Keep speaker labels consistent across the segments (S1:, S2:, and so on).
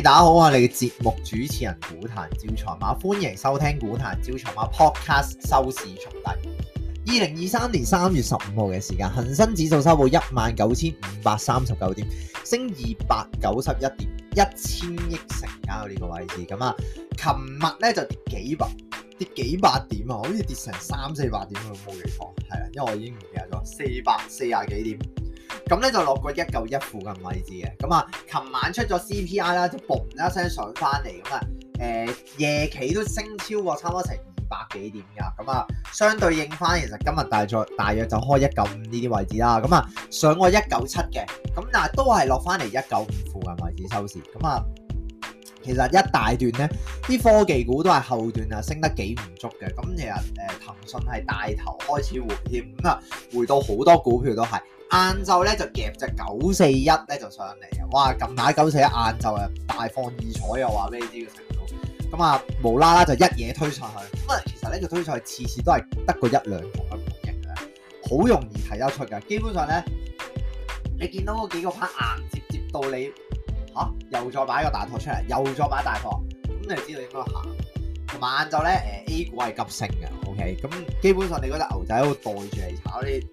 S1: 大家好啊！我係你嘅節目主持人股壇招財貓，歡迎收聽股壇招財貓 Podcast 收市速遞。二零二三年三月十五號嘅時間，恒生指數收報一萬九千五百三十九點，升二百九十一點，一千億成交呢個位置。咁啊，琴日咧就跌幾百跌幾百點啊，好似跌成三四百點咁，冇記錯係啊，因為我已經唔記得咗四百四廿幾點。咁咧就落過一九一附近位置嘅，咁啊，琴晚出咗 CPI 啦，就嘣一聲上翻嚟，咁啊，誒、呃、夜期都升超過差唔多成二百幾點噶，咁啊，相對應翻，其實今日大約大約就開一九五呢啲位置啦，咁啊，上過一九七嘅，咁但係都係落翻嚟一九五附近位置收市，咁啊，其實一大段咧，啲科技股都係後段啊，升得幾唔足嘅，咁其實誒騰訊係大頭開始回帖，咁啊，回到好多股票都係。晏晝咧就夾隻九四一咧就上嚟啊！哇，近排九四一晏晝啊大放異彩又話俾你知個程度，咁啊無啦啦就一嘢推上去。咁啊，其實呢，個推上去次次都係得個一兩個嘅波型嘅，好容易睇得出噶。基本上咧，你見到嗰幾個拍硬接接到你吓、啊，又再擺個大托出嚟，又再擺大托。咁、嗯、你知道你應該行。晚晝咧，誒 A 股係急升嘅，OK。咁基本上你嗰隻牛仔會袋住嚟炒，啲。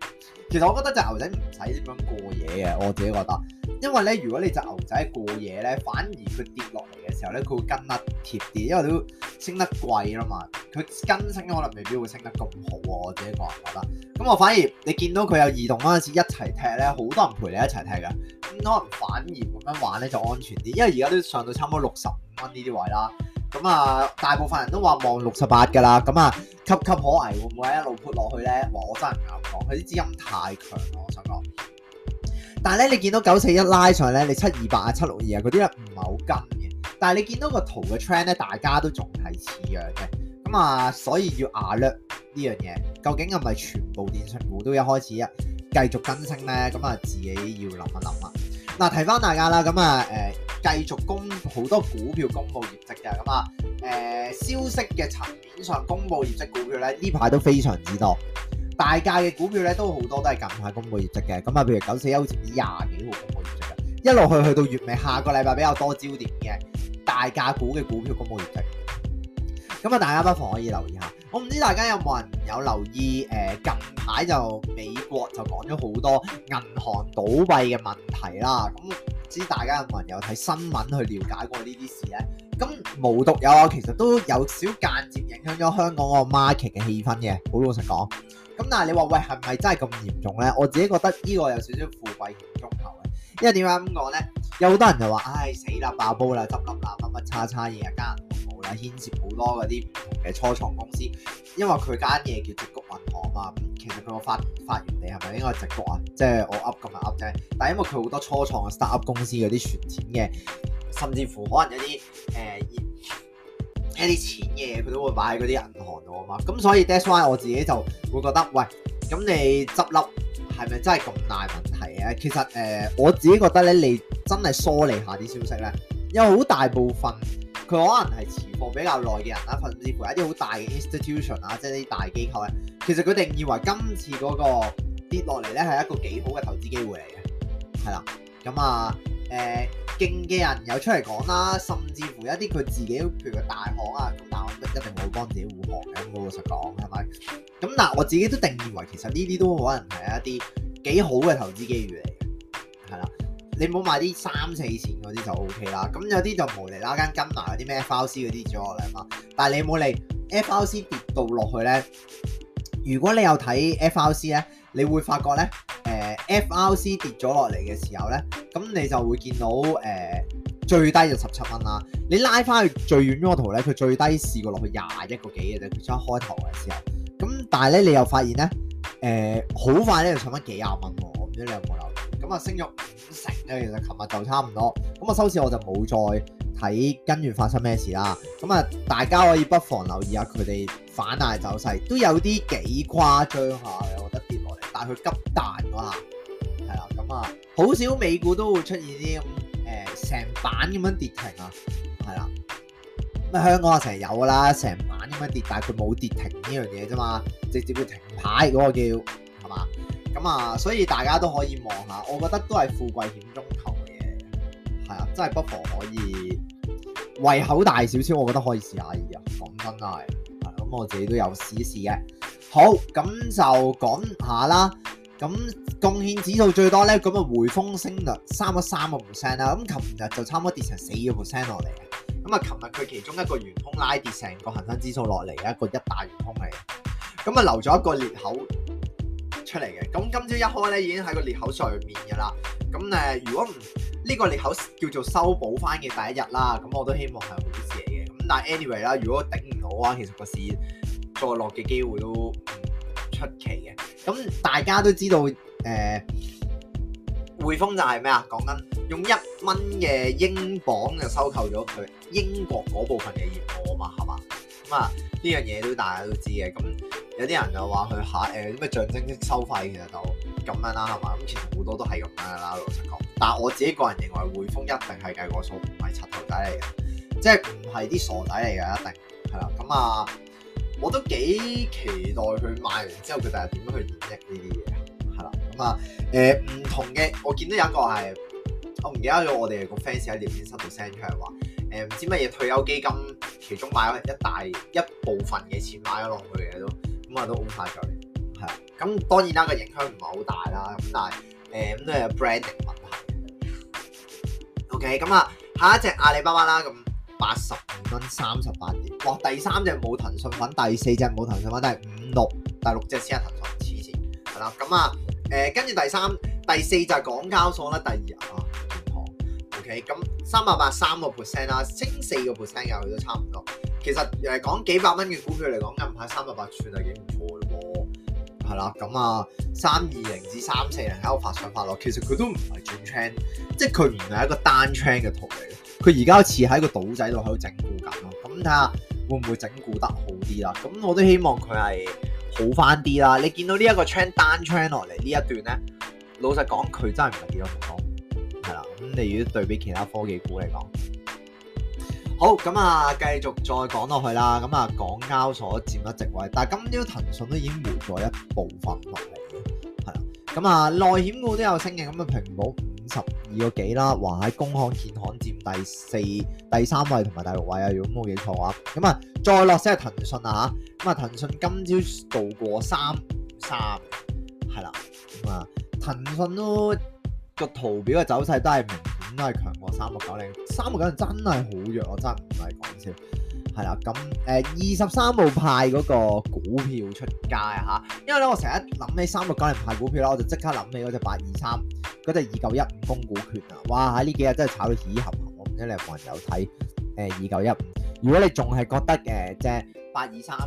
S1: 其實我覺得隻牛仔唔使點樣過夜嘅，我自己覺得。因為咧，如果你隻牛仔過夜咧，反而佢跌落嚟嘅時候咧，佢會跟得貼啲，因為都升得貴啦嘛，佢跟升可能未必會升得咁好喎、啊，我自己個人覺得。咁我反而你見到佢有移動嗰陣時一齊踢咧，好多人陪你一齊踢嘅，咁可能反而咁樣玩咧就安全啲，因為而家都上到差唔多六十五蚊呢啲位啦。咁啊，大部分人都話望六十八嘅啦。咁啊，岌岌可危，會唔會一路潑落去咧？我真係唔敢講，佢啲資金太強。我想講，但係咧，你見到九四一拉上咧，你七二八啊、七六二啊嗰啲咧唔係好跟嘅。但係你見到個圖嘅 trend 咧，大家都仲係似樣嘅。咁啊，所以要阿略呢樣嘢，究竟係咪全部電信股都一開始啊繼續更新咧？咁啊，自己要諗一諗啊。提睇翻大家啦，咁、嗯、啊，誒，繼續公好多股票公布業績嘅，咁、嗯、啊，誒、嗯，消息嘅層面上公布業績股票咧，呢排都非常之多，大價嘅股票咧都好多都係近排公布業績嘅，咁啊，譬如九四一好似廿幾號公布業績嘅，一路去去到月尾，下個禮拜比較多焦點嘅大價股嘅股票公布業績，咁、嗯、啊，大家不妨可以留意下。我唔知大家有冇人有留意，誒、呃、近排就美國就講咗好多銀行倒閉嘅問題啦。咁、嗯、唔知大家有冇人有睇新聞去了解過呢啲事咧？咁無獨有啊，其實都有少間接影響咗香港個 market 嘅氣氛嘅，好老實講。咁但係你話喂，係咪真係咁嚴重咧？我自己覺得呢個有少少富貴險中求嘅，因為點解咁講咧？有好多人就話，唉、哎，死啦，爆煲啦，執笠啦，乜乜叉叉嘢一間。又牽涉好多嗰啲唔同嘅初創公司，因為佢間嘢叫直谷銀行啊嘛，其實佢個發發源地係咪應該係直谷啊？即係我噏咁樣噏啫。但係因為佢好多初創嘅 start up 公司嗰啲存錢嘅，甚至乎可能、呃、有啲誒一啲錢嘅，佢都會擺喺嗰啲銀行度啊嘛。咁所以 that's why 我自己就會覺得，喂，咁你執笠係咪真係咁大問題啊？其實誒、呃，我自己覺得咧，你真係梳理下啲消息咧，有好大部分。佢可能係持貨比較耐嘅人啦，甚至乎一啲好大嘅 institution 啊，即係啲大機構咧，其實佢定義為今次嗰個跌落嚟咧係一個幾好嘅投資機會嚟嘅，係啦。咁啊，誒勁嘅人有出嚟講啦，甚至乎一啲佢自己，譬如個大行啊，大行一定冇幫自己護航嘅，老實講係咪？咁嗱，但我自己都定義為其實呢啲都可能係一啲幾好嘅投資機會嚟。你唔好買啲三四線嗰啲就 OK 啦，咁有啲就無釐啦間跟埋嗰啲咩 FRC 嗰啲跌咗落嚟啊嘛，但係你冇理 FRC 跌到落去咧，如果你有睇 FRC 咧，你會發覺咧，誒、呃、FRC 跌咗落嚟嘅時候咧，咁你就會見到誒、呃、最低就十七蚊啦，你拉翻去最遠嗰個圖咧，佢最低試過落去廿一個幾嘅啫，佢初開頭嘅時候，咁但係咧你又發現咧，誒、呃、好快咧就上翻幾廿蚊喎，唔知你有冇有留？咁啊，升咗五成咧，其實琴日就差唔多。咁啊，收市我就冇再睇跟住發生咩事啦。咁啊，大家可以不妨留意下佢哋反彈走勢，都有啲幾誇張嚇。我覺得跌落嚟，但係佢急彈喎，係啦。咁啊，好少美股都會出現啲咁成板咁樣跌停啊，係啦。咁香港啊成日有噶啦，成板咁樣跌，但係佢冇跌停呢樣嘢啫嘛，直接會停牌嗰個叫係嘛。咁啊，所以大家都可以望下，我覺得都係富貴險中求嘅，係啊，真係不妨可，可以胃口大少少，我覺得可以試下嘅。講、哎、真係，咁我自己都有試一試嘅。好，咁就講下啦。咁貢獻指數最多咧，咁啊，匯豐升啦，三個三個 percent 啦。咁琴日就差唔多跌成四個 percent 落嚟嘅。咁啊，琴日佢其中一個元兇拉跌成個恒生指數落嚟嘅一個一大元兇嚟。咁啊，留咗一個裂口。出嚟嘅，咁今朝一開咧已經喺個裂口上面嘅啦。咁誒、呃，如果唔呢個裂口叫做修補翻嘅第一日啦，咁我都希望係好事嚟嘅。咁但係 anyway 啦，如果頂唔到啊，其實個市再落嘅機會都唔出奇嘅。咁大家都知道誒，匯、呃、豐就係咩啊？講緊用一蚊嘅英鎊就收購咗佢英國嗰部分嘅業務啊嘛，係嘛？咁啊呢樣嘢都大家都知嘅。咁。有啲人又話佢嚇誒啲咩象徵性收費，其實就咁樣啦，係嘛？咁其實好多都係咁樣噶啦，老實講。但係我自己個人認為，匯豐一定係計過數，唔係七頭仔嚟嘅，即係唔係啲傻仔嚟嘅。一定係啦。咁啊，我都幾期待佢賣完之後，佢第日點樣去演繹呢啲嘢係啦。咁啊誒，唔、呃、同嘅我見到有一個係我唔記得咗，我哋個 fans 喺聊天室度 send 出嚟話誒，唔、呃、知乜嘢退休基金其中買咗一大一部分嘅錢買咗落去嘅都。咁啊都 O 咗出嚟，係啊，咁當然啦，這個影響唔係好大啦，咁但係誒咁都係 branding 問題。OK，咁、嗯、啊下一隻阿里巴巴啦，咁八十五蚊三十八點，哇！第三隻冇騰訊粉，第四隻冇騰訊粉，都係五六，第六隻先係騰訊，黐線，係啦。咁啊誒跟住第三、第四就係港交所啦，第二啊。嗯咁三百八三個 percent 啦，升四個 percent 入佢都差唔多。其實又係講幾百蚊嘅股票嚟講，近排三百八算係幾唔錯嘅喎。係啦，咁啊三二零至三四零喺度發上發落，其實佢都唔係轉 trend，即係佢唔係一個單 trend 嘅圖嚟。佢而家似喺一個島仔度，喺度整固緊咯。咁睇下會唔會整固得好啲啦？咁我都希望佢係好翻啲啦。你見到呢一個 trend 單 trend 落嚟呢一段咧，老實講，佢真係唔係幾多。你要對比其他科技股嚟講，好。咁啊，繼續再講落去啦。咁啊，港交所佔一席位，但係今朝騰訊都已經回咗一部分落嚟嘅，係啦。咁啊，內險股都有升嘅，咁啊，平安五十二個幾啦，話喺工行、建行佔第四、第三位同埋第六位啊，如果冇記錯嘅話。咁啊，再落先係騰訊啊吓，咁啊，騰訊、啊、今朝度過三三，係啦，咁啊，騰訊都。個圖表嘅走勢都係明顯都係強過三六九零，三六九零真係好弱，我真唔係講笑。係啦，咁誒二十三號派嗰個股票出街啊嚇，因為咧我成日諗起三六九零派股票啦，我就即刻諗起嗰隻八二三，嗰隻二九一五供股權啊，哇喺呢幾日真係炒到耳合合，我唔知你有冇人有睇誒二九一五，呃，二九一五，如果你仲係覺得誒即係八二三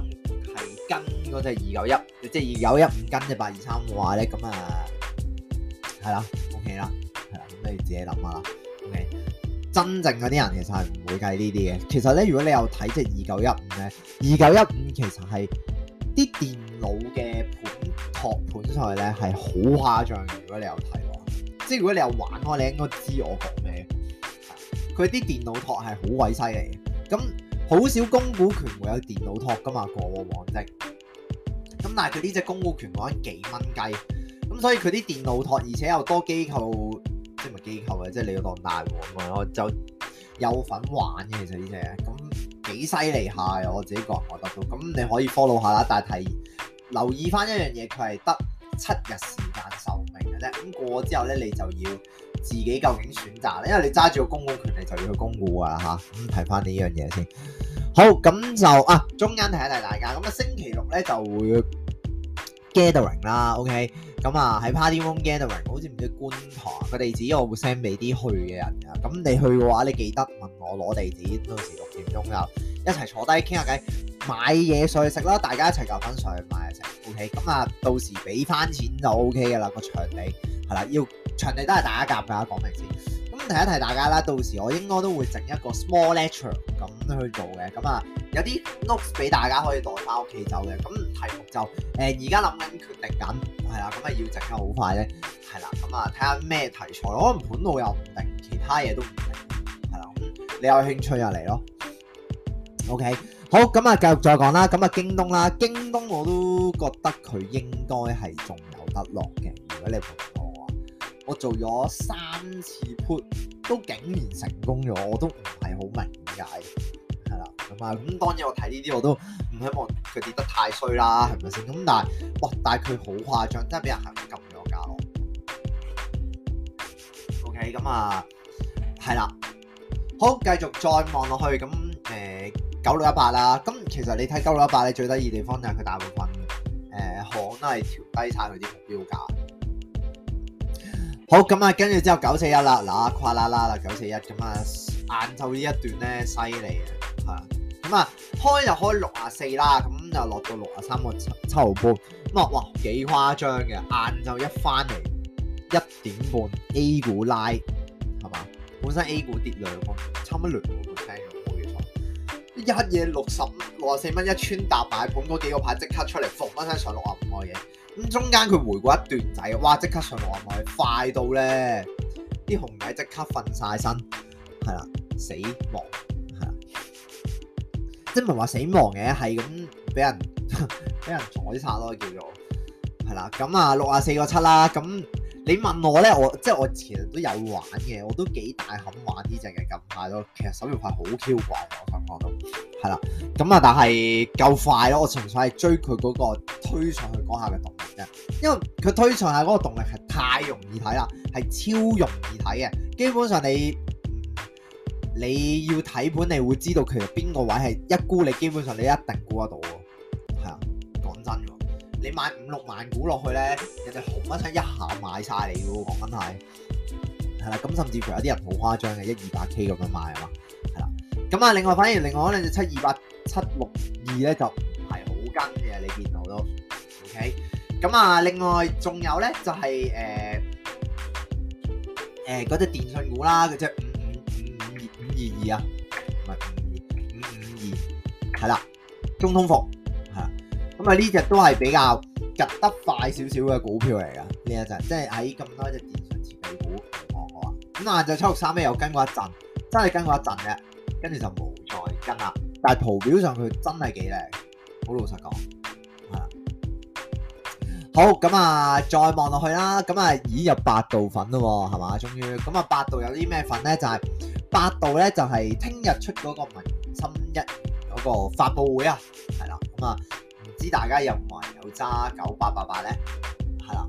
S1: 係跟嗰隻二九一，即係二九一五跟隻八二三嘅話咧，咁啊係啦。係啦，係啊，咁、嗯、你自己諗下啦。O、嗯、K，真正嗰啲人其實係唔會計呢啲嘅。其實咧，如果你有睇即係二九一五咧，二九一五其實係啲電腦嘅盤托盤上去咧係好誇張。如果你有睇，即係如果你有玩，我你應該知我講咩。佢啲電腦托係好鬼犀利嘅。咁好少公股權會有電腦托噶嘛？過往的，咁但係佢呢隻公股權講緊幾蚊雞。所以佢啲電腦托，而且又多機構，即係咪機構嘅？啊？即係你嗰檔大喎，咁我就有份玩嘅。其實呢隻嘢咁幾犀利下嘅，我自己個人覺得，得到。咁你可以 follow 下啦。但係留意翻一樣嘢，佢係得七日時間壽命嘅啫。過之後咧，你就要自己究竟選擇啦。因為你揸住個供股權，利，就要去供股啊吓，咁睇翻呢樣嘢先好咁，就啊，中間提一提大家咁啊。星期六咧就會 gathering 啦，OK。咁、嗯、啊，喺 Party Room Gathering，好似唔知觀塘，個地址我會 send 俾啲去嘅人㗎。咁你去嘅話，你記得問我攞地址，到時六點鐘又一齊坐低傾下偈，買嘢上去食啦。大家一齊夾份，埋一齊。OK，咁啊，到時俾翻錢就 OK 㗎啦。個場地係啦，要場地都係大家夾㗎，講明先。提一提大家啦，到時我應該都會整一個 small lecture 咁去做嘅。咁啊，有啲 notes 俾大家可以袋翻屋企走嘅。咁題目就誒，而家諗緊決定緊，係、嗯、啦，咁啊要整得好快咧，係、嗯、啦，咁啊睇下咩題材我可能盤路又唔定，其他嘢都唔定。係啦、嗯。你有興趣入嚟咯。OK，好，咁啊繼續再講啦。咁啊，京東啦，京東我都覺得佢應該係仲有得落嘅。如果你我做咗三次 put，都竟然成功咗，我都唔係好明解，係啦，咁、嗯、啊，咁、嗯、當然我睇呢啲我都唔希望佢跌得太衰啦，係咪先？咁、嗯嗯、但係，哇！但係佢好誇張，真係俾人狠狠撳咗㗎咯。OK，咁、嗯、啊，係、嗯、啦、嗯嗯嗯，好，繼續再望落去，咁誒九六一八啦，咁、嗯、其實你睇九六一八，你最得意地方就係佢大部分誒、呃、行都係調低晒佢啲目標價。好咁啊，跟住之後九四一啦，嗱，跨啦啦啦，九四一咁啊，晏晝呢一段咧犀利嘅，係啊。咁啊，開就開六啊四啦，咁就落到六啊三個七七毫半，咁啊，哇，幾誇張嘅，晏晝一翻嚟一點半，A 股拉係嘛，本身 A 股跌兩個差唔多兩個半，percent 嘅冇嘢錯，一嘢六十六啊四蚊一穿搭擺盤嗰幾個牌即刻出嚟，復翻身上六啊五嘅嘢。咁中間佢回過一段仔，哇！即刻上落係咪快到咧？啲熊仔即刻瞓晒身，係啦，死亡，係啦，即唔係話死亡嘅，係咁俾人俾人宰殺咯，叫做，係啦。咁啊，六啊四個七啦。咁你問我咧，我即我其實都有玩嘅，我都幾大肯玩呢隻嘅咁快咯。其實手續費好 Q 怪，我感覺到，係啦。咁啊，但係夠快咯。我純粹係追佢嗰個推上去嗰下嘅動。因為佢推上下嗰個動力係太容易睇啦，係超容易睇嘅。基本上你你要睇盤，你會知道其實邊個位係一沽，你基本上你一定沽得到嘅。係啊，講真，你買五六萬股落去咧，人哋紅乜聲一下買晒你嘅，講真係。係啦，咁甚至乎有啲人好誇張嘅，一二百 K 咁樣買啊嘛。係啦，咁啊，另外反而另外可能就七二八七六二咧就係好跟嘅，你見到都 OK。咁啊，另外仲有咧、就係，就係誒誒嗰隻電信股啦，嗰隻五五五五二五二二啊，唔係五二五五二，係啦，中通服係啦，咁啊呢隻都係比較入得快少少嘅股票嚟㗎呢一陣，即係喺咁多隻電信前幾股望下。咁、哦、啊，晝七六三咧又跟過一陣，真係跟過一陣嘅，跟住就冇再跟啦。但係圖表上佢真係幾靚，好老實講。好，咁啊，再望落去啦，咁啊已入百度粉咯，係嘛？終於咁啊，百度有啲咩粉咧？就係、是、百度咧，就係聽日出嗰個文心一嗰個發布會啊，係啦，咁啊，唔知大家又有冇人有揸九八八八咧？係啦，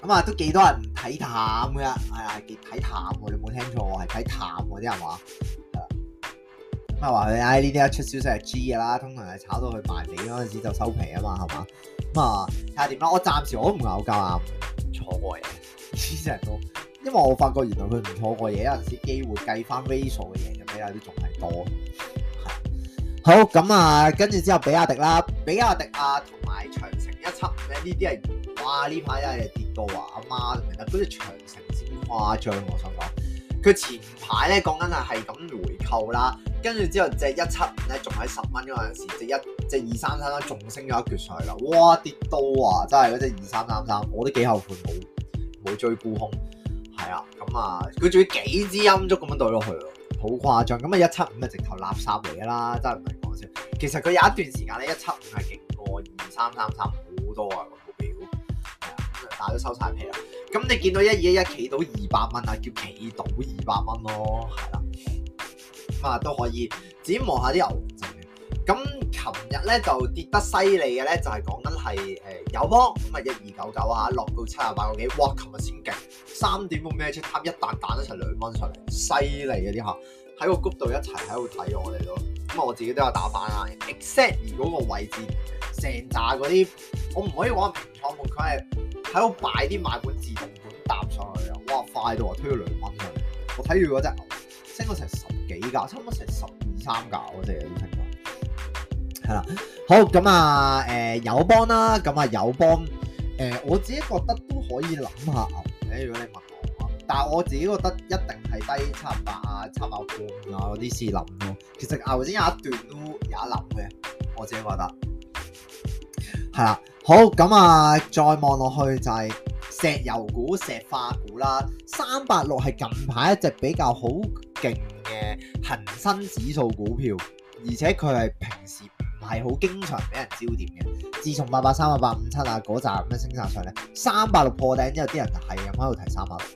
S1: 咁啊都幾多人睇淡嘅？係啊，睇淡喎，你冇聽錯，係睇淡喎啲人話。咪話佢 I 呢啲一出消息係 G 嘅啦，通常係炒到佢埋尾嗰陣時就收皮啊嘛，係嘛？咁啊睇下點啦，我暫時我都唔咬交啊，錯過嘢啲人都，因為我發覺原來佢唔錯過嘢，有陣時機會計翻 ratio 嘅嘢，就比較啲仲係多。好咁啊，跟住之後比亞迪啦，比亞迪啊同埋長城一七五呢啲係，哇！呢排一係跌到啊阿媽咁樣，啲長城先誇張，我想講佢前排咧講緊係係咁回購啦。跟住之後，即係一七五咧，仲喺十蚊嗰陣時，即一即係二三三三仲升咗一橛上去啦！哇，跌到啊，真係嗰隻二三三三，3，我都幾後悔冇冇追沽空，係啊，咁、嗯、啊，佢仲要幾支陰足咁樣對落去喎，好誇張。咁啊，一七五係直頭垃，垃圾嚟噶啦，真係唔係講笑。其實佢有一段時間咧，一七五係勁過二三三三好多啊，這個目標。係、嗯、啊、嗯，但係都收晒皮啦。咁、嗯、你見到一二一一企到二百蚊啊，叫企到二百蚊咯，係啦。嗯嗯嗯。咁啊都可以，展望下啲牛仔咁琴日咧就跌得犀利嘅咧，就係講緊係誒友邦咁啊，一二九九啊，落到七啊八個幾。哇！琴日先勁三點半咩出，貪、啊、一彈彈一齊兩蚊出嚟，犀利嗰啲嚇喺個谷度一齊喺度睇我哋咯。咁啊，我自己都有打板啦。except 嗰個位置成扎嗰啲，我唔可以話唔錯門，佢係喺度擺啲賣盤自動盤搭上去啊！哇，快到啊，推咗兩蚊出嚟。我睇住嗰隻牛，升咗成十。幾架，差唔多成十二三架，我哋只啲情況，係啦，好咁啊，誒友邦啦，咁啊友邦，誒、呃、我自己覺得都可以諗下牛嘅，如果你問我，但係我自己覺得一定係低七百啊，七百半啊嗰啲先諗咯。其實牛先有一段都有一諗嘅，我自己覺得，係啦，好咁啊，再望落去就係、是。石油股、石化股啦，三八六係近排一隻比較好勁嘅恒生指數股票，而且佢係平時唔係好經常俾人焦點嘅。自從八八三啊八五七啊嗰扎咁樣升晒上嚟，三八六破頂之後，啲人係咁喺度提三八六。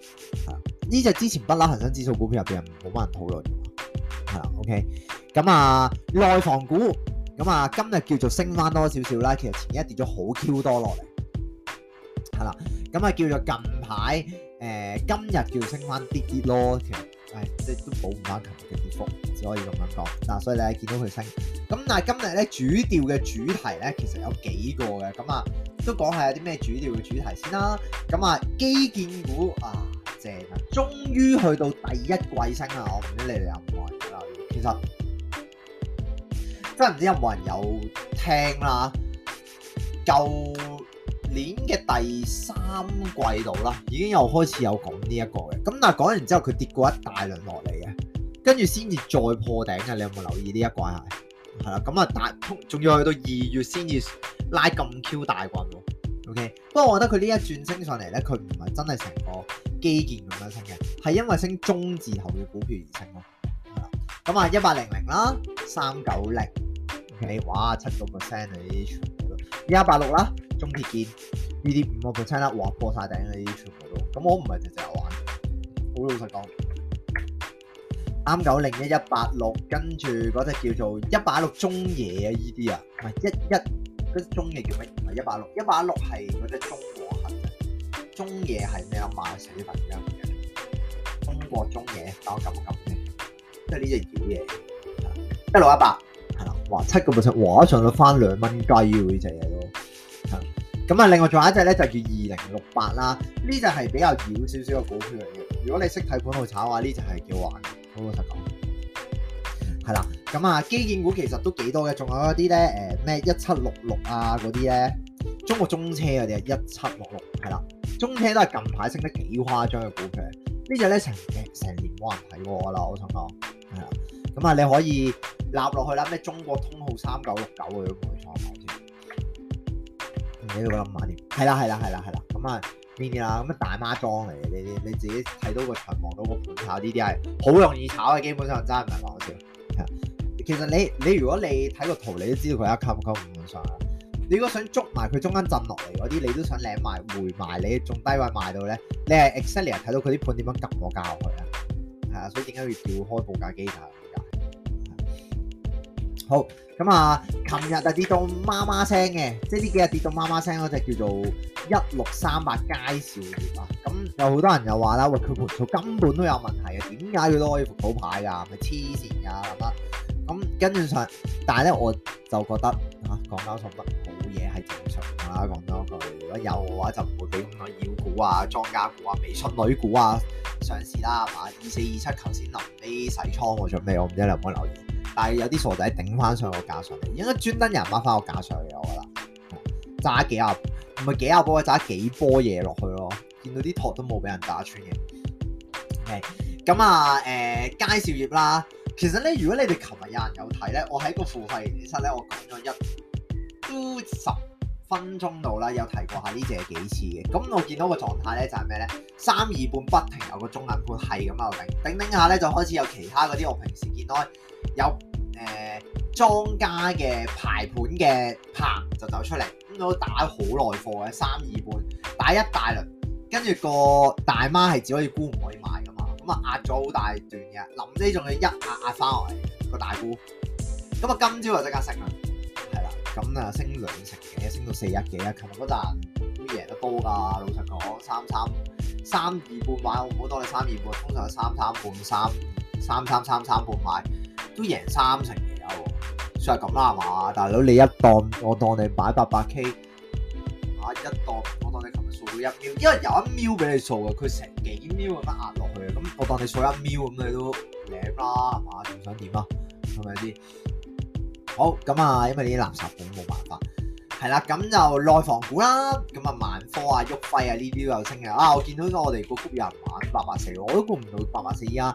S1: 係啊，呢隻之前不嬲恒生指數股票入邊冇乜人討論嘅，係啦。OK，咁啊，內房股咁啊，今日叫做升翻多少少啦。其實前日跌咗好 Q 多落嚟，係啦。咁啊叫做近排，誒、呃、今日叫升翻啲跌咯。其實誒即都補唔翻琴日嘅跌幅，只可以咁樣講。嗱、啊，所以你見到佢升，咁、啊、但係今日咧主調嘅主題咧，其實有幾個嘅，咁啊都講下有啲咩主調嘅主題先啦。咁啊基建股啊正啊，終於去到第一季升啦，我唔知你哋有冇人啦，其實真係唔知有冇人有聽啦，夠～年嘅第三季度啦，已經又開始有講呢一個嘅，咁但係講完之後佢跌過一大輪落嚟嘅，跟住先至再破頂嘅，你有冇留意呢一季？係，係啦，咁啊，大通仲要去到二月先至拉咁 Q 大棍喎。OK，不過我覺得佢呢一轉升上嚟咧，佢唔係真係成個基建咁樣升嘅，係因為升中字頭嘅股票而升咯。咁啊，一八零零啦，三九零，OK，哇，七個 percent 你全部都。一八六啦。中鐵建呢啲五個 percent 啦，哇破晒頂呢啲全部都。咁我唔係淨淨玩，好老實講。啱九零一一八六，跟住嗰隻叫做一八六中野啊，呢啲啊，唔係一一嗰隻中野叫咩？唔係一八六，一八六係嗰隻中和行仔。中野係咩啊？馬死份，咩中國中野，等我撳一撳即係呢隻妖嘢。一六一八，係啦，哇七個 percent，哇一上到翻兩蚊雞喎呢隻嘢。這個咁啊，另外仲有一隻咧，就叫二零六八啦。呢隻係比較短少少嘅股票嚟嘅。如果你識睇盤號炒嘅話，呢隻係叫玩好老實講。係啦，咁啊，基建股其實都幾多嘅，仲有一啲咧，誒咩一七六六啊嗰啲咧，中國中車啊定係一七六六？係啦，中車都係近排升得幾誇張嘅股票。呢隻咧成成年冇人睇過嘅啦，我想講。係啦，咁啊，你可以納落去啦。咩中國通號三九六九啊你都覺得唔係啦，係啦，係啦，係啦，咁啊呢啲啦，咁啊大媽裝嚟嘅，你你你自己睇到個場，望到個盤炒呢啲係好容易炒嘅，基本上真唔係講笑。係其實你你如果你睇個圖，你都知道佢一級級五往上啦。你如果想捉埋佢中間震落嚟嗰啲，你都想領埋回埋，你仲低位賣到咧？你係 excellent 睇到佢啲盤點樣急我教佢。啊？係啊，所以點解要調開報價機。好咁啊，琴日啊跌到媽媽聲嘅，即係呢幾日跌到媽媽聲嗰隻叫做一六三八佳兆業啊！咁有好多人又話啦，喂佢盤數根本都有問題嘅，點解佢都可以復到牌㗎？咪黐線㗎咁啦！咁、嗯嗯、跟住上，但係咧我就覺得啊，講多數乜好嘢係正常㗎啦，講多句。如果有嘅話，就唔會俾咁多妖股啊、莊家股啊、微信女股啊上市啦，係嘛、嗯。二四二七頭先臨尾洗倉我準備我唔知你有冇留意。但係有啲傻仔頂翻上個價上嚟，應該專登人挖翻個價上嚟我覺得，揸、嗯、幾啊唔係幾啊波，揸幾波嘢落去咯。見到啲托都冇俾人打穿嘅。咁、嗯、啊誒、呃，介紹業啦，其實咧如果你哋琴日有人有睇咧，我喺個付費室咧，我講咗一都十分鐘度啦，有提過下呢隻係幾次嘅。咁、嗯、我見到個狀態咧就係咩咧？三二半不停有個中冷盤係咁流頂頂頂下咧，就開始有其他嗰啲我平時見到。有誒、呃、莊家嘅排盤嘅拍就走出嚟咁，都打好耐貨嘅三二半，打一大輪，跟住個大媽係只可以沽唔可以買噶嘛，咁啊壓咗好大段嘅，臨尾仲要一壓壓翻落嚟個大沽，咁啊今朝就即刻升啦，係啦，咁啊升兩成嘅，升到四一幾啊。琴日嗰陣贏得多㗎，老實講三三三,三二半買好唔好多？你三二半通常係三三半、三三三三三半買。都贏三成幾啊！算係咁啦，係嘛？大佬，你一檔我當你擺八百 K，啊一檔我當你琴日數到一秒，因為有一秒俾你數嘅，佢成幾秒咁樣壓落去啊！咁我當你數一秒，咁你都贏啦，係嘛？仲想點啊？係咪先？好咁啊，因為啲垃圾股冇辦法，係啦，咁就內房股啦，咁啊萬科啊、旭輝啊呢啲都有升嘅啊！我見到咗我哋個谷有人玩八八四，我都估唔到八八四啊！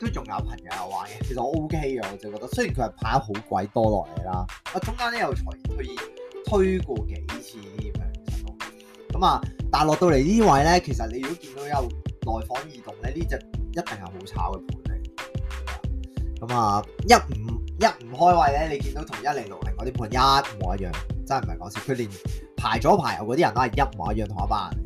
S1: 都仲有朋友玩嘅，其實我 OK 嘅，我就覺得雖然佢係跑得好鬼多落嚟啦，啊中間咧又隨意推推過幾次嘅，咁啊，但落到嚟呢位咧，其實你如果見到有內房移動咧，呢隻一,一定係好炒嘅盤嚟。咁啊，一五一五開位咧，你見到同一零六零嗰啲盤一模一樣，真係唔係講笑，佢連排左排右嗰啲人都啦，一模一樣同一班人。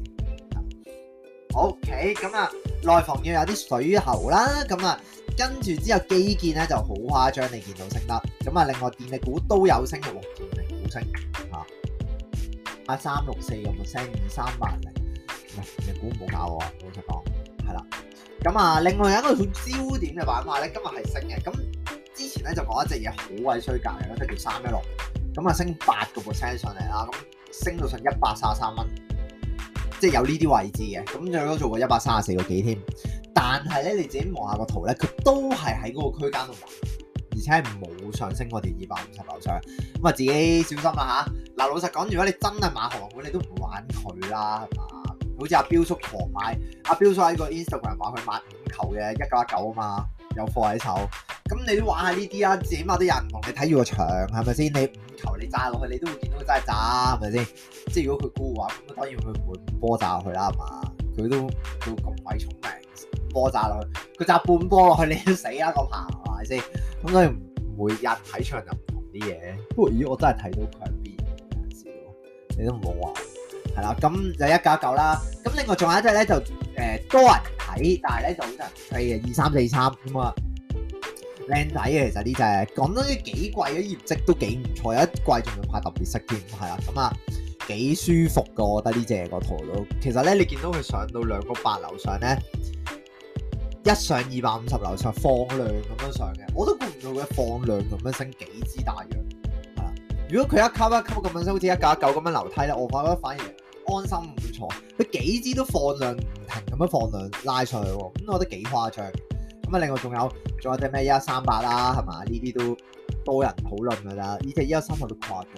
S1: OK，咁啊，內房要有啲水喉啦，咁啊，跟住之後基建咧就好誇張，你見到升啦。咁啊，另外電力股都有升嘅喎，電力股升，吓，阿三六四有冇升？二三百零，電力股唔好搞我老實講，係啦，咁啊，3, 6, 2, 3, 000, 0, 另外有一個好焦點嘅板塊咧，今日係升嘅，咁之前咧就講一隻嘢好鬼衰格嘅啦，即叫三一六，咁啊升八個 percent 上嚟啦，咁升到上一百三十三蚊。即係有呢啲位置嘅，咁最多做過一百三十四個幾添。但係咧，你自己望下個圖咧，佢都係喺嗰個區間度玩，而且係冇上升我哋二百五十樓上。咁啊，自己小心啦嚇。嗱，老實講，如果你真係買行本，你都唔玩佢啦，係嘛？好似阿彪叔狂買，阿彪叔喺個 Instagram 話佢買五球嘅一九一九啊嘛，有貨喺手。咁你都玩下呢啲啊？自己買都有人同。你睇住個場係咪先？你？球你炸落去，你都會見到佢真係炸，係咪先？即係如果佢估嘅話，咁當然佢唔會半波炸落去啦，係嘛？佢都叫咁鬼重明，波炸落去，佢炸半波落去，你都死啦，個棚係咪先？咁所以每日睇場就唔同啲嘢，不過咦，我真係睇到強辯少，你都唔好話係啦。咁就一嚿一嚿啦。咁另外仲有一隻咧，就誒、呃、多人睇，但係咧就好多人吹嘅，二三四三咁啊。靚仔啊，其實呢隻咁樣幾貴嘅業績都幾唔錯，有一季仲要拍特別色添，係啦，咁啊幾舒服噶，我覺得呢隻個圖都。其實咧，你見到佢上到兩個八樓上咧，一上二百五十樓上放量咁樣上嘅，我都估唔到佢放量咁樣升幾支大樣，係啦。如果佢一級一級咁樣升，好似一架一舊咁樣樓梯咧，我覺得反而安心唔錯。佢幾支都放量唔停咁樣放量拉上去，咁我覺得幾誇張。咁啊，另外仲有，仲有隻咩一三八啦，係嘛？呢啲都多人討論㗎啦。而且一，隻一隻三八都跨過，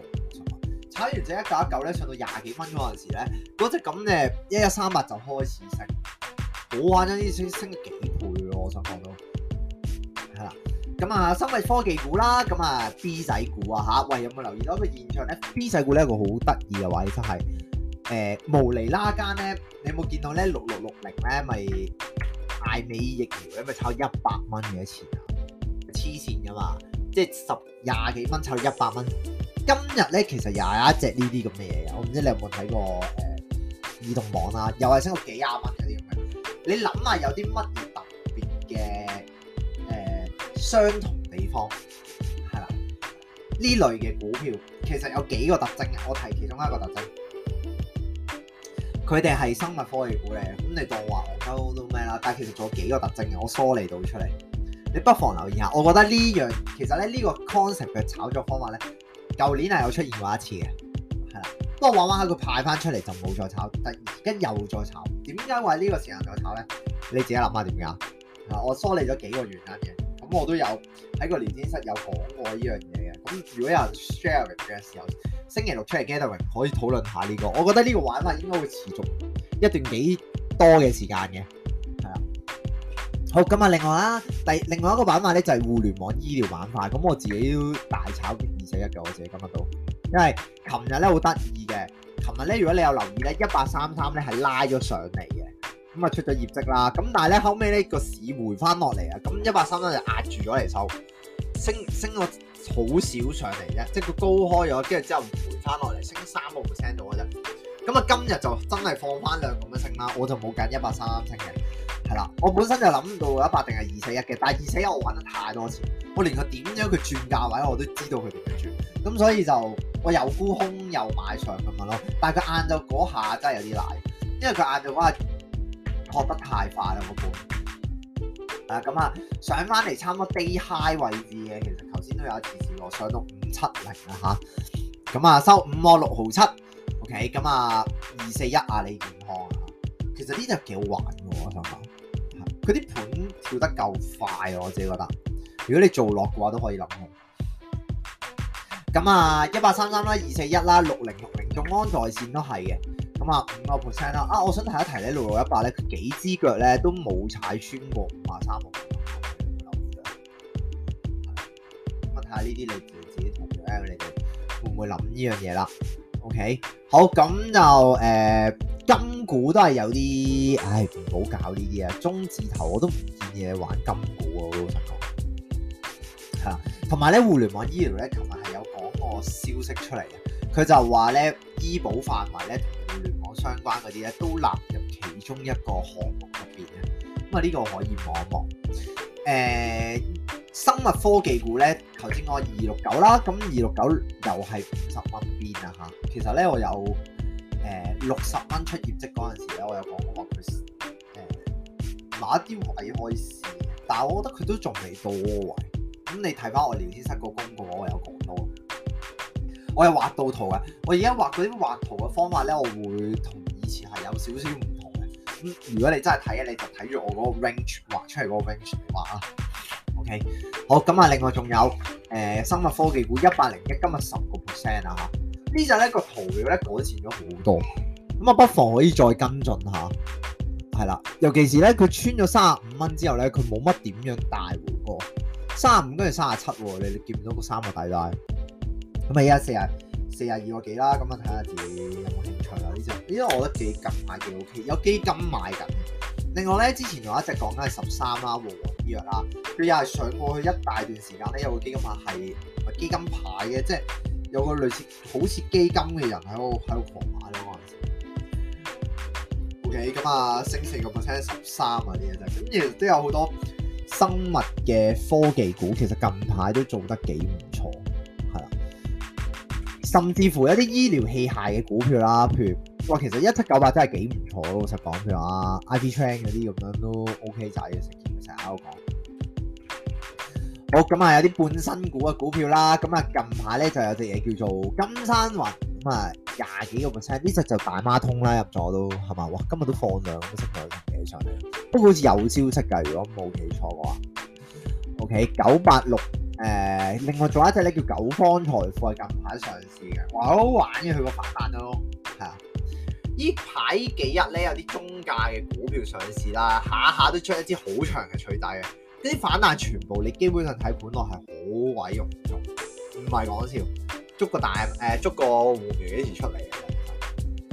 S1: 炒完隻一九一九咧，上到廿幾分鐘嗰陣時咧，嗰隻咁嘅，一,一三八就開始升，我話真係升升幾倍喎！我想講都係啦。咁啊，生物科技股啦，咁啊 B 仔股啊吓，喂有冇留意到？咁啊現場咧，B 仔股咧一個好得意嘅位真係誒無厘啦更咧，你有冇見到咧？六六六零咧咪？大美疫苗，咁咪炒一百蚊嘅一次啊，黐線噶嘛，即係十廿幾蚊炒一百蚊。今日咧，其實又有一隻呢啲咁嘅嘢嘅，我唔知你有冇睇過誒、呃、移動網啊，又係升到幾廿蚊啲咁嘅。你諗下有啲乜嘢特別嘅誒、呃、相同地方？係啦，呢類嘅股票其實有幾個特徵嘅，我提其中一個特徵。佢哋係生物科技股嚟，咁你當話牛溝都咩啦？但係其實仲有幾個特徵嘅，我梳理到出嚟，你不妨留意下。我覺得呢樣其實咧，呢個 concept 嘅炒作方法咧，舊年係有出現過一次嘅，係啦。不過玩玩喺個派翻出嚟就冇再炒，但而家又再炒，點解話呢個時候再炒咧？你自己諗下點解？啊，我梳理咗幾個原因嘅，咁我都有喺個聊天室有講過呢樣嘢嘅。咁如果有 share 嘅時候。星期六出嚟 gathering 可以討論下呢個，我覺得呢個玩法應該會持續一段幾多嘅時間嘅，係啊，好咁啊，另外啦，第另外一個玩法咧就係互聯網醫療玩法，咁我自己都大炒二十一嘅，我自己感覺到，因為琴日咧好得意嘅，琴日咧如果你有留意咧，一八三三咧係拉咗上嚟嘅，咁啊出咗業績啦，咁但係咧後尾呢個市回翻落嚟啊，咁一八三三就壓住咗嚟收。升升個好少上嚟啫，即係佢高開咗，跟住之後回翻落嚟，升三個 percent 到嘅啫。咁啊、嗯，今日就真係放翻兩咁樣升啦，我就冇揀一百三升嘅，係啦。我本身就諗到一百定係二四一嘅，但係二四一我揾得太多錢，我連佢點樣佢轉價位，我都知道佢點樣轉。咁所以就我又沽空又買上咁樣咯。但係佢晏晝嗰下真係有啲賴，因為佢晏晝哇學得太快啦，我半。咁啊、嗯，上翻嚟差唔多 day high 位置嘅，其實頭先都有一次試落上到五七零啦吓，咁、嗯、啊收五個六毫七，OK，咁啊二四一啊，阿里你健康啊，其實呢隻幾好玩嘅我同你講，佢啲盤跳得夠快我自己覺得，如果你做落嘅話都可以諗，咁啊一八三三啦，二四一啦，六零六零眾安在線都係嘅。咁啊，五個 percent 啦。啊，我想提一提咧，六六一八咧，佢幾支腳咧都冇踩穿過五啊三毫。問下呢啲你自己同 L，你哋會唔會諗呢樣嘢啦？OK，好，咁就誒、呃、金股都係有啲，唉唔好搞呢啲啊。中字頭我都唔建議玩金股啊，我老實講吓。同埋咧，互聯網醫療咧，琴日係有講個消息出嚟嘅，佢就話咧醫保範圍咧。相關嗰啲咧都納入其中一個項目入邊咧，咁啊呢個可以望一望。誒、欸，生物科技股咧，頭先我二六九啦，咁二六九又係五十蚊邊啊吓。其實咧，我有誒六十蚊出業績嗰陣時咧，我有講過話佢誒某一啲、欸、位可以試，但係我覺得佢都仲未到我位。咁你睇翻我聊天室嗰個公告，我有講。我係畫到圖嘅，我而家畫嗰啲畫圖嘅方法咧，我會同以前係有少少唔同嘅。咁如果你真係睇嘅，你就睇住我嗰個 range 畫出嚟嗰個 range 畫啦。OK，好，咁、嗯、啊，另外仲有誒、呃、生物科技股 1,、啊、一百零一，今日十個 percent 啊吓，呢隻咧個圖表咧改善咗好多，咁啊不妨可以再跟進下。係啦，尤其是咧佢穿咗三十五蚊之後咧，佢冇乜點樣大回過，三十五跟住三十七，你你見唔到個三個大帶？咁啊，而家、嗯、四廿四廿二個幾啦，咁啊睇下自己有冇興趣啦、啊。呢隻呢啲我覺得幾近排幾 OK，有基金買緊。另外咧，之前仲一直講緊係十三啦、和黃醫藥啦，佢又係上過去一大段時間咧，有個基金係係基金牌嘅，即係有個類似好似基金嘅人喺度喺度狂買咯。O K，咁啊，okay，升四個 percent 十三啊啲嘢啫。咁亦都有好多生物嘅科技股，其實近排都做得幾。甚至乎有啲醫療器械嘅股票啦，譬如哇，其實一七九八真係幾唔錯咯，老實講譬如啊，IT train 嗰啲咁樣都 O K 仔嘅，成日喺度講。好，咁啊，有啲半新股嘅股票啦，咁、嗯、啊近排咧就有隻嘢叫做金山雲咁啊，廿、嗯、幾個 percent 呢隻就大孖通啦，入咗都係嘛，哇今日都放量，咁升到成上嚟。不過好似有消息㗎，如果冇記錯嘅話。O、okay, K 九八六。誒、呃，另外仲有一隻咧叫九方財富，係近排上市嘅。哇，好好玩嘅，佢個反彈咯，係啊！呢排幾日咧有啲中價嘅股票上市啦，下下都出一支好長嘅鎚底，呢啲反彈全部你基本上睇盤落係好鬼用，唔係講笑，捉個大誒、呃，捉個胡苗幾時出嚟啊？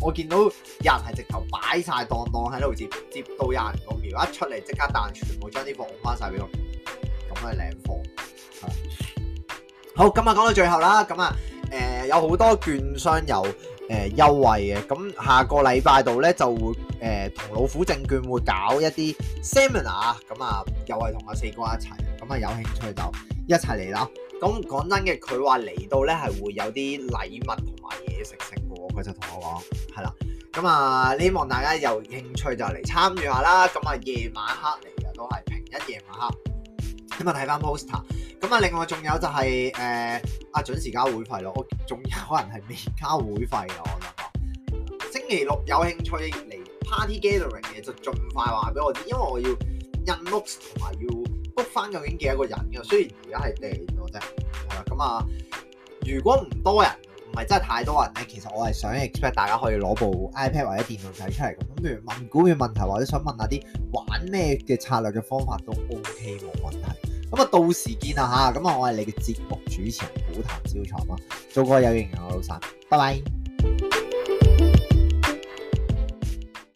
S1: 我見到有人係直頭擺晒檔檔喺度接盪盪接，接到廿零個秒，一出嚟即刻彈全部將啲貨拱翻晒俾我，咁去靚貨。嗯、好，咁啊，講到最後啦，咁啊，誒、呃，有好多券商有誒優、呃、惠嘅，咁下個禮拜度咧就會誒同、呃、老虎證券會搞一啲 seminar，咁啊又係同阿四哥一齊，咁啊有興趣就一齊嚟啦。咁講真嘅，佢話嚟到咧係會有啲禮物同埋嘢食食嘅，佢就同我講係啦。咁啊，希望大家有興趣就嚟參與下啦。咁啊，夜晚黑嚟嘅都係平一夜晚黑。咁啊，睇翻 poster。咁、就是呃、啊，另外仲有就係誒啊準時交會費咯，我仲有人係未交會費啊。我諗啊，星期六有興趣嚟 party gathering 嘅，就盡快話俾我知，因為我要 inbox 同埋要 book 翻究竟幾多個人嘅。雖然而家係地度啫，係啦。咁、嗯嗯、啊，如果唔多人，唔係真係太多人咧，其實我係想 expect 大家可以攞部 iPad 或者電腦睇出嚟咁。譬如問股嘅問題，或者想問下啲玩咩嘅策略嘅方法都 OK 冇問題。咁啊，到時見啦吓，咁我係你嘅節目主持人股壇招財貓啊，做個有營養嘅老生，拜拜。